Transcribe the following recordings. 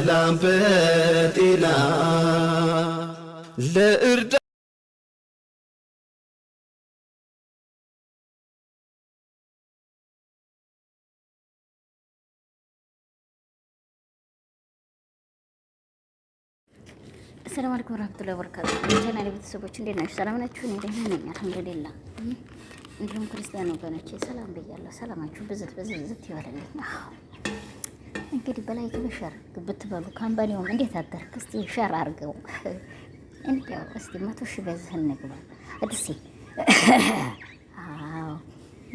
በሰላም በጤና ለእርዳ ሰላም አለይኩም ወራህመቱላሂ ወበረካቱ። ቻናሌ ቤተሰቦች እንዴት ናችሁ? ሰላም ናችሁ? እኔ ደህና ነኝ አልሐምዱሊላህ። እንዲሁም ክርስቲያን ወገኖቼ ሰላም ብያለሁ። ሰላማችሁ ብዝት ብዝት ይበልልኝ። እንግዲህ በላይክ በሸር ብትበሉ ካምፓኒውም እንዴት አደርክ እስቲ ሸር አድርገው እንዲያው እስቲ መቶ ሺህ በዚህ እንግባ እድሴ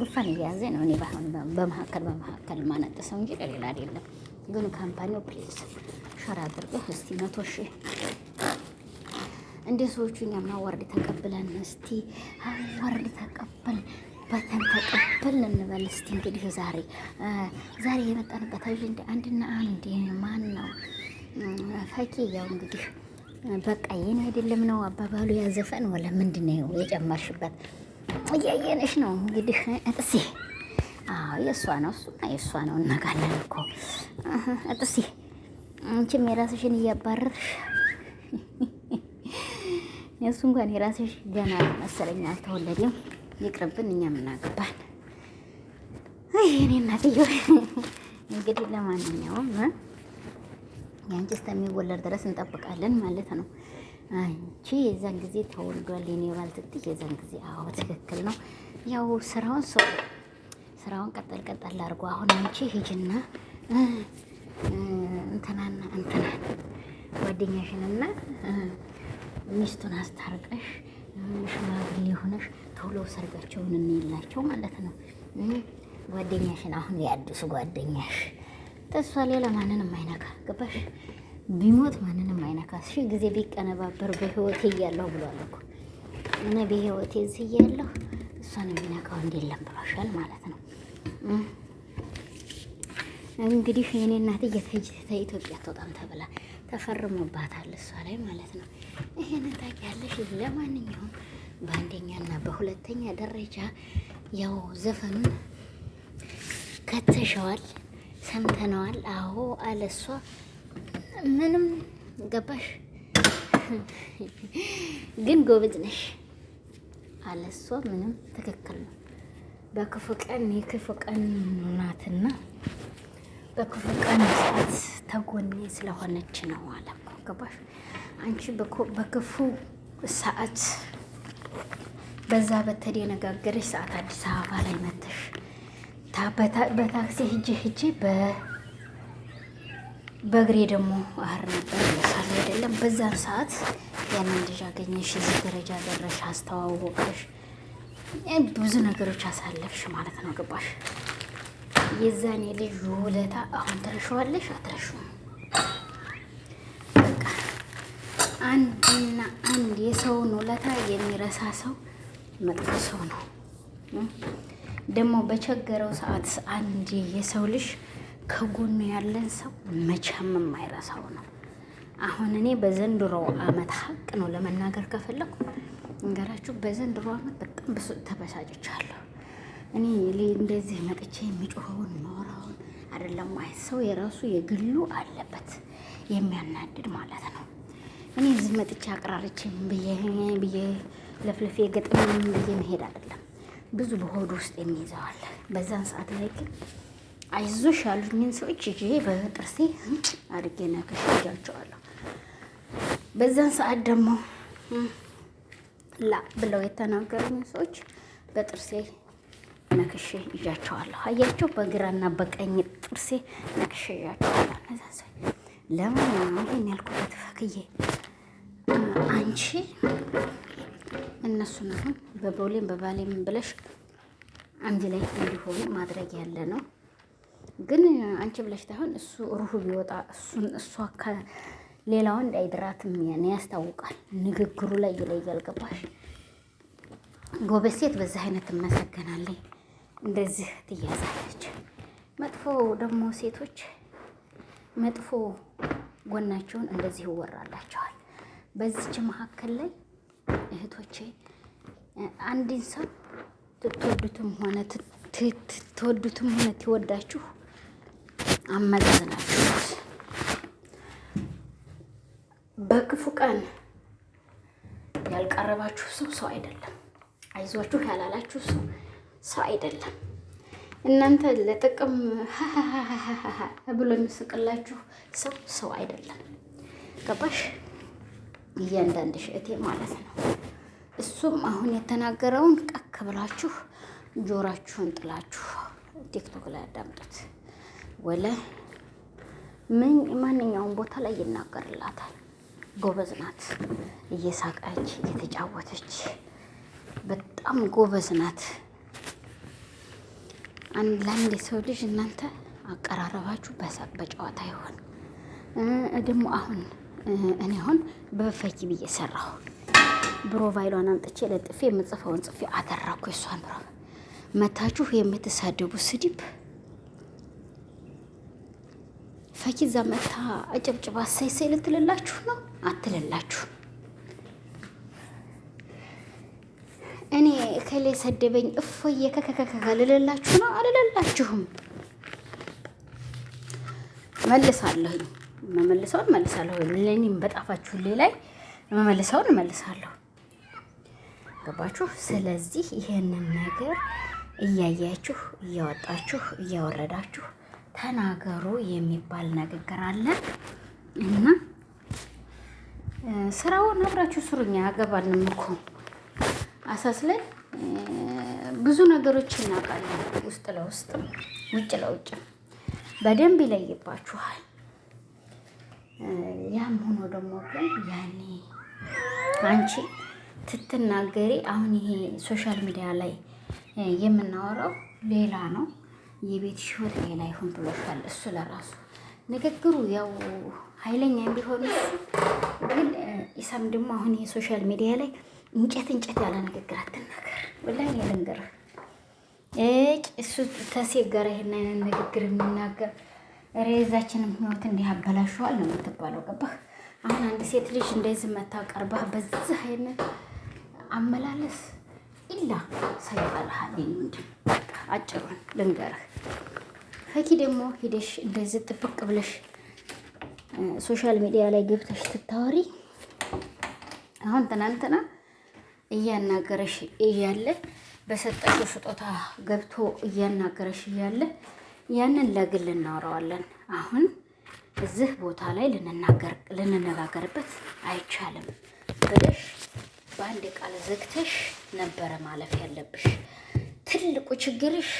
ጉፋን እያያዘ ነው። እኔ ባሁን በመካከል በመካከል ሰው እንጂ ለሌላ አይደለም። ግን ካምፓኒው ፕሊዝ ሸር አድርገው እስቲ መቶ ሺህ እንደ ሰዎቹ እኛም አዋርድ ተቀብለን እስቲ አዋርድ ተቀበል በተን ተቀበል እንበል እስቲ። እንግዲህ ዛሬ ዛሬ የመጣንበት አጀንዳ አንድና አንድ ማን ነው? ፈኪ ያው እንግዲህ በቃ የኔ አይደለም ነው አባባሉ ያዘፈን ወለ ምንድን ነው የጨመርሽበት? እያየንሽ ነው እንግዲህ እጥሴ። አዎ የእሷ ነው እሱማ የእሷ ነው። እናቃለን እኮ እጥሴ። አንቺም የራስሽን እያባረርሽ የእሱ እንኳን የራስሽ ገና መሰለኝ አልተወለደም። ይቅርብን፣ እኛ ምናገባን። እኔ እናትየ እንግዲህ ለማንኛውም የአንቺ እስከሚወለድ ድረስ እንጠብቃለን ማለት ነው። አንቺ የዛን ጊዜ ተወልዷል የኔ ባል የዛን ጊዜ አዎ ትክክል ነው። ያው ስራውን ሰው ስራውን ቀጠል ቀጠል አድርጎ አሁን አንቺ ሂጂና እንትናና እንትናን ጓደኛሽንና ሚስቱን አስታርቀሽ ሽማግሌ ሆነሽ ቶሎ ሰርጋቸውን እንይላቸው ማለት ነው። ጓደኛሽን አሁን የአዲሱ ጓደኛሽ ተሷ ሌላ ማንንም አይነካ ገባሽ? ቢሞት ማንንም አይነካ። ሺህ ጊዜ ቢቀነባበር በህይወቴ እያለሁ ብሏል እኮ እኔ በህይወቴ እዚህ እያለሁ እሷን የሚነካው እንደለም ብሏሻል ማለት ነው። እንግዲህ የኔ እናት ኢትዮጵያ አትወጣም ተብላ ተፈርሞባታል እሷ ላይ ማለት ነው። ይሄንን ታውቂያለሽ። ለማንኛውም በአንደኛና በሁለተኛ ደረጃ ያው ዘፈኑን ከተሸዋል፣ ሰምተነዋል። አዎ አለሷ ምንም ገባሽ። ግን ጎበዝ ነሽ። አለሷ ምንም ትክክል ነው። በክፉ ቀን የክፉ ቀን ናትና በክፉ ቀን ሰዓት ተጎኔ ስለሆነች ነው አለ። ገባሽ አንቺ በክፉ ሰዓት በዛ በተደነጋገረች ሰዓት አዲስ አበባ ላይ መተሽ በታክሲ ሂጂ ሂጂ በእግሬ ደግሞ አህር ነበር ሳሉ አይደለም። በዛን ሰዓት ያንን ልጅ አገኘሽ፣ እዚህ ደረጃ ደረሽ፣ አስተዋወቀሽ፣ ብዙ ነገሮች አሳለፍሽ ማለት ነው። ገባሽ? የዛን የልጅ ውለታ አሁን ትረሸዋለሽ? አትረሹም። በቃ አንድና አንድ የሰውን ውለታ የሚረሳ ሰው መጥፎ ሰው ነው። ደግሞ በቸገረው ሰዓት አንድ የሰው ልጅ ከጎኑ ያለን ሰው መቼም የማይረሳው ነው። አሁን እኔ በዘንድሮ አመት ሀቅ ነው ለመናገር ከፈለኩ እንገራችሁ፣ በዘንድሮ አመት በጣም ብሱ ተበሳጭቻለሁ። እኔ እንደዚህ መጥቼ የሚጮኸውን ማወራውን አይደለም ማየት፣ ሰው የራሱ የግሉ አለበት የሚያናድድ ማለት ነው። እኔ እዚህ መጥቼ አቅራርቼ ብዬ ለፍልፌ ገጥም ጊዜ መሄድ አይደለም። ብዙ በሆድ ውስጥ የሚይዘዋል። በዛን ሰዓት ላይ ግን አይዞሽ ያሉኝን ሰዎች ይዤ በጥርሴ አድርጌ ነክሽ እጃቸዋለሁ። በዛን ሰዓት ደግሞ ላ ብለው የተናገሩኝ ሰዎች በጥርሴ ነክሼ እያቸዋለሁ። አያቸው በግራና በቀኝ ጥርሴ ነክሼ ይዣቸዋለሁ። እነዛ ለምን ይሄን ያልኩበት ፈክዬ አንቺ እነሱን አሁን በቦሌም በባሌም ብለሽ አንድ ላይ እንዲሆኑ ማድረግ ያለ ነው። ግን አንቺ ብለሽ ታሁን እሱ ሩህ ቢወጣ እሱን እሷ ሌላ ወንድ አይድራትም። ያን ያስታውቃል። ንግግሩ ላይ ይለያል። ገባሽ? ጎበዝ ሴት በዚህ አይነት ትመሰገናለች፣ እንደዚህ ትያዛለች። መጥፎ ደግሞ ሴቶች መጥፎ ጎናቸውን እንደዚህ ይወራላቸዋል። በዚች መካከል ላይ እህቶቼ አንድን ሰው ትትወዱትም ሆነ ትወዱትም ሆነ ትወዳችሁ አመዛዝናችሁት በክፉ ቀን ያልቀረባችሁ ሰው ሰው አይደለም። አይዟችሁ ያላላችሁ ሰው ሰው አይደለም። እናንተ ለጥቅም ብሎ የሚስቅላችሁ ሰው ሰው አይደለም። ገባሽ? እያንዳንድ ሽእቴ ማለት ነው። እሱም አሁን የተናገረውን ቀክ ብላችሁ ጆራችሁን ጥላችሁ ቲክቶክ ላይ አዳምጡት። ወለ ምን ማንኛውም ቦታ ላይ ይናገርላታል። ጎበዝ ናት፣ እየሳቀች እየተጫወተች በጣም ጎበዝ ናት። ለአንድ የሰው ልጅ እናንተ አቀራረባችሁ በሳቅ በጨዋታ ይሆን ደግሞ አሁን እኔ አሁን በፈኪ ብዬ ሰራሁ። ፕሮፋይሏን አምጥቼ ለጥፌ የምጽፈውን ጽፌ አደረኩ። የሷን ብሮ መታችሁ የምትሳደቡ ስድብ ፈኪ እዛ መታ አጨብጭባ ሳይ ልትልላችሁ ነው አትልላችሁ። እኔ ከሌ ሰደበኝ እፎዬ ከከከከከ ልልላችሁ ነው አልልላችሁም። መልሳለሁኝ መመልሰውን እመልሳለሁ። ለእኔም በጣፋችሁ ላይ መመልሰውን መልሳለሁ። ገባችሁ? ስለዚህ ይሄንን ነገር እያያችሁ እያወጣችሁ እያወረዳችሁ ተናገሩ የሚባል ንግግር አለ እና ስራውን አብራችሁ ስሩኛ። አገባንም እኮ አሳስ ላይ ብዙ ነገሮች እናውቃለን። ውስጥ ለውስጥ ውጭ ለውጭም በደንብ ይለይባችኋል። ያም ሆኖ ደግሞ ግን ያኔ አንቺ ትትናገሪ አሁን ይሄ ሶሻል ሚዲያ ላይ የምናወራው ሌላ ነው፣ የቤት ሽወት ሌላ ይሁን ብሎሻል። እሱ ለራሱ ንግግሩ ያው ኃይለኛ እንዲሆን እሱ ግን ኢሳም ደግሞ አሁን ይሄ ሶሻል ሚዲያ ላይ እንጨት እንጨት ያለ ንግግር አትናገር። ወላሂ ልንገርህ እሱ ተሴት ጋር ይሄን አይነት ንግግር የሚናገር ሬዛችንም ህይወት እንዲህ አበላሸዋል ነው የምትባለው። ገባህ? አሁን አንድ ሴት ልጅ እንደዚህ መታ ቀርባህ በዚህ አይነት አመላለስ ኢላ ሳይባልሃል ወንድም። አጭሩን ልንገርህ። ፈኪ ደግሞ ሂደሽ እንደዚህ ጥብቅ ብለሽ ሶሻል ሚዲያ ላይ ገብተሽ ትታወሪ። አሁን ትናንትና እያናገረሽ እያለ በሰጠሽው ስጦታ ገብቶ እያናገረሽ እያለ ያንን ለግል እናወራዋለን። አሁን እዚህ ቦታ ላይ ልንናገር ልንነጋገርበት አይቻልም ብለሽ በአንድ ቃል ዘግተሽ ነበረ ማለፍ ያለብሽ። ትልቁ ችግርሽ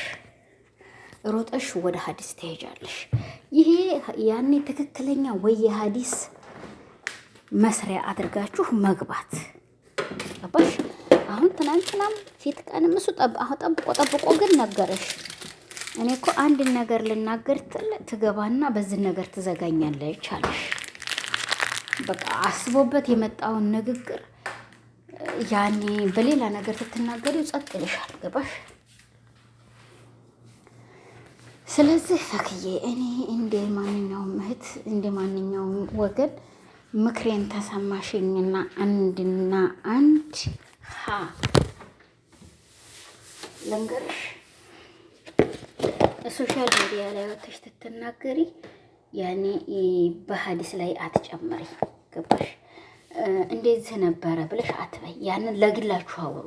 ሮጠሽ ወደ ሀዲስ ትሄጃለሽ። ይሄ ያኔ ትክክለኛ ወይ የሀዲስ መስሪያ አድርጋችሁ መግባት ገባሽ። አሁን ትናንትናም ፊት ቀንም እሱ ጠብቆ ጠብቆ ግን ነገረሽ እኔ እኮ አንድን ነገር ልናገር ትል ትገባና በዚህ ነገር ትዘጋኛለች አለሽ። በቃ አስቦበት የመጣውን ንግግር ያኔ በሌላ ነገር ስትናገሪው ጸጥ ይልሻል። ገባሽ? ስለዚህ ፈክዬ እኔ እንደ ማንኛውም እህት እንደ ማንኛውም ወገን ምክሬን ተሰማሽኝና አንድና አንድ ሀ ልንገርሽ ሶሻል ሚዲያ ላይ ወጥተሽ ትተናገሪ ያኔ በሀዲስ ላይ አትጨምሪ። ገባሽ? እንደዚህ ነበረ ብለሽ አትበይ። ያንን ለግላችሁ አውሩ።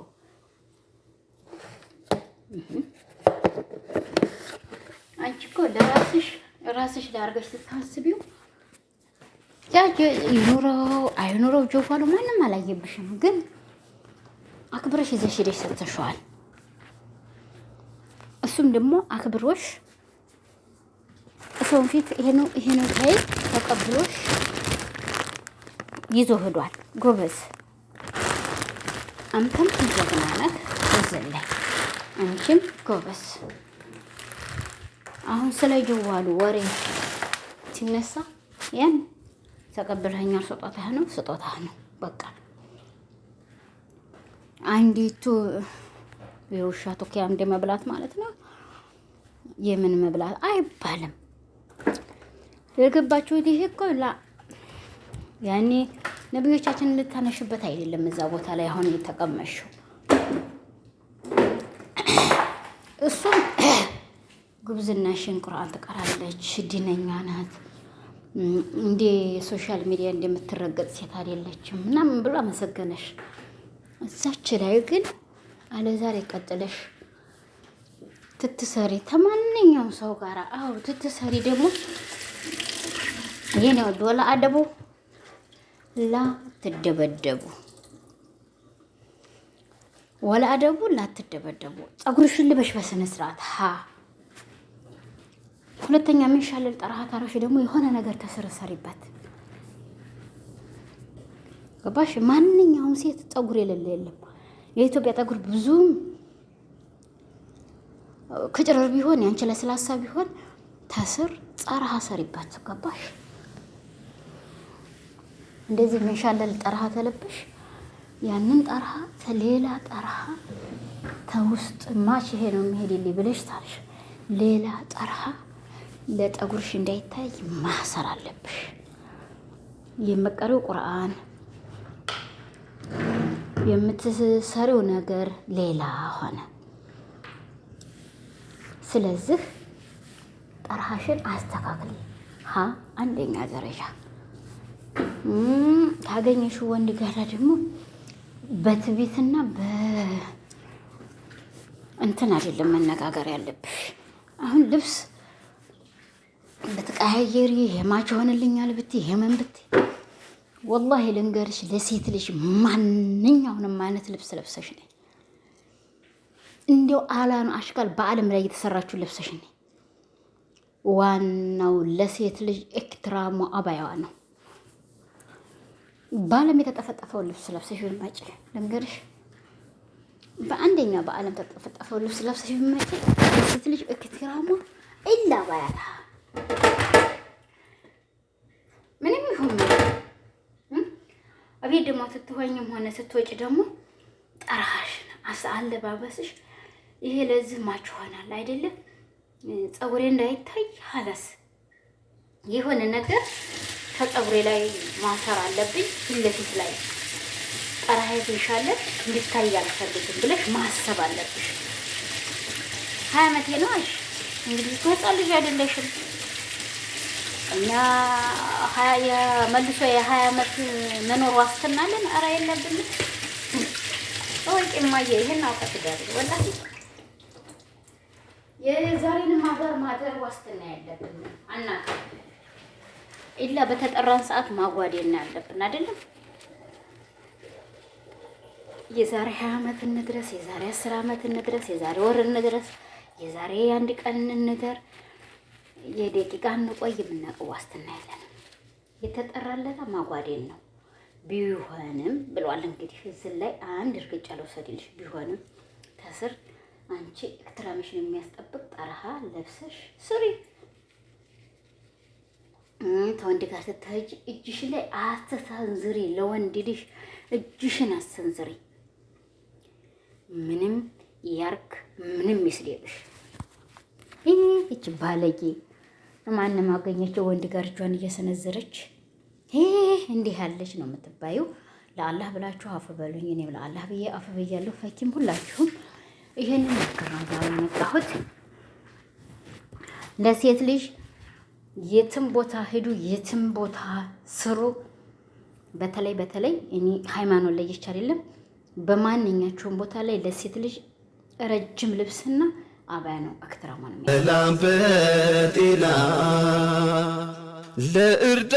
አንቺ እኮ ለራስሽ ራስሽ ላርገሽ ስታስቢው ያ ይኑረው አይኑረው ጆጓሉ ማንም አላየብሽም፣ ግን አክብረሽ ይዘሽ ሄደሽ ሰጥተሽዋል። እሱም ደግሞ አክብሮሽ ሰውን ፊት ይሄ ነው ይሄ ነው ይሄ ተቀብሎሽ ይዞ ሄዷል። ጎበዝ አንተም ጀግና ነህ። እዚህ ላይ አንቺም ጎበዝ። አሁን ስለ ጅዋሉ ወሬ ሲነሳ ያን ተቀብለኸኛል፣ ስጦታህ ነው ስጦታህ ነው በቃ። አንዲቱ የውሻ ቱኪያ እንደ መብላት ማለት ነው። የምን መብላት አይባልም። የገባችሁት ይሄ እኮ ላ ያኔ ነቢዮቻችን እንድታነሽበት አይደለም። እዛ ቦታ ላይ አሁን የተቀመሽው እሱም ጉብዝናሽን ቁርአን ትቀራለች፣ ዲነኛ ናት፣ እንደ ሶሻል ሚዲያ እንደምትረገጥ ሴት አይደለችም ምናምን ብሎ አመሰገነሽ። እዛች ላይ ግን አለዛሬ ዛሬ ቀጥለሽ ትትሰሪ ከማንኛውም ሰው ጋር አዎ፣ ትትሰሪ ደግሞ የኔ ወድ ዶላ አደቡ ላ ትደበደቡ ወላ አደቡ ላ ትደበደቡ። ፀጉርሽን ልበሽ በስነ ስርዓት ሀ ሁለተኛ ሻለል ጠራሃ ታራሽ ደግሞ የሆነ ነገር ተሰረሰሪበት ገባሽ? ማንኛውም ሴት ፀጉር የሌለ የለም። የኢትዮጵያ ፀጉር ብዙም ከጭረር ቢሆን ያንቺ ለስላሳ ቢሆን ተስር ጸረ ሀሰሪባት ገባሽ? እንደዚህ የሚሻለል ጠርሃ ተለብሽ ያንን ጠርሃ ተሌላ ጠርሃ ተውስጥ ማች ይሄ ነው ይል ብለሽ ታልሽ ሌላ ጠርሃ ለጠጉርሽ እንዳይታይ ማሰር አለብሽ። የመቀሪው ቁርአን የምትሰሪው ነገር ሌላ ሆነ። ስለዚህ ጠርሃሽን አስተካክል። ሀ አንደኛ ደረጃ ካገኘሽው ወንድ ጋራ ደግሞ በትዕቢትና በእንትን አይደለም መነጋገር ያለብሽ። አሁን ልብስ በተቀያየሪ የማች ሆንልኛል ብት የመን ብት ወላሂ ልንገርሽ፣ ለሴት ልጅ ማንኛውንም አይነት ልብስ ለብሰሽ ነይ እንዲያው አላኑ አሽቃል በዓለም ላይ የተሰራችሁ ነ ዋናው ለሴት ልጅ ኤክትራ አባያዋ ነው። በዓለም የተጠፈጠፈው ልብስ ለብሰሽ ብትመጪ ልንገርሽ፣ በአንደኛ በዓለም ተጠፈጠፈው ልብስ ለብሰሽ ብትመጪ ለሴት ልጅ ሞ ኢላ አባያታ ምንም ይሁን እቤት ደግሞ ስትሆኝም ሆነ ስትወጪ ደግሞ ጠራሽ አለባበስሽ ይሄ ለዚህ ማች ይሆናል አይደለም። ፀጉሬ እንዳይታይ ሀላስ የሆነ ነገር ከፀጉሬ ላይ ማሰር አለብኝ። ፊት ለፊት ላይ ጠራሄት ይሻለን እንድታይ አልፈልግም ብለሽ ማሰብ አለብሽ። ሀያ ዓመቴ ነው አልሽ እንግዲህ ህፃን ልጅ አይደለሽም። እኛ መልሶ የሀያ ዓመት መኖር ዋስትናለን። ኧረ የለብንም። ወቂ ማየ ይህን አውቀት ጋር ወላሂ የዛሬን ሀገር ማደር ዋስትና ያለብን አናውቅ ኢላ በተጠራን ሰዓት ማጓዴና ያለብን አይደለም። የዛሬ ሀያ ዓመት እንድረስ፣ የዛሬ አስር ዓመት እንድረስ፣ የዛሬ ወር እንድረስ፣ የዛሬ አንድ ቀን እንደር፣ የደቂቃ እንቆይ፣ የምናውቀው ዋስትና ያለን የተጠራለታ ማጓዴን ነው። ቢሆንም ብሏል እንግዲህ እዚህ ላይ አንድ እርግጫ ለውሰድልሽ ቢሆንም ተስር አንቺ ኤክትራምሽን የሚያስጠብቅ ጠረሃ ለብሰሽ ስሪ። ተወንድ ጋር ስትሄጂ እጅሽ ላይ አስተሳንዝሪ፣ ለወንድ ልጅ እጅሽን አስተንዝሪ። ምንም ያርክ ምንም ይስደብሽ። ይህች ባለጌ ማንም አገኘችው ወንድ ጋር እጇን እየሰነዘረች እንዲህ ያለች ነው የምትባዩ። ለአላህ ብላችሁ አፍ በሉኝ። እኔም ለአላህ ብዬ አፍ ብያለሁ። ፈኪም ሁላችሁም ይሄንን ምክር ነው ዛሬ የመጣሁት። ለሴት ልጅ የትም ቦታ ሂዱ፣ የትም ቦታ ስሩ። በተለይ በተለይ እኔ ሃይማኖት ለየች አይደለም፣ በማንኛቸውም ቦታ ላይ ለሴት ልጅ ረጅም ልብስና አባያ ነው አክትራማ ነው። ለእርዳ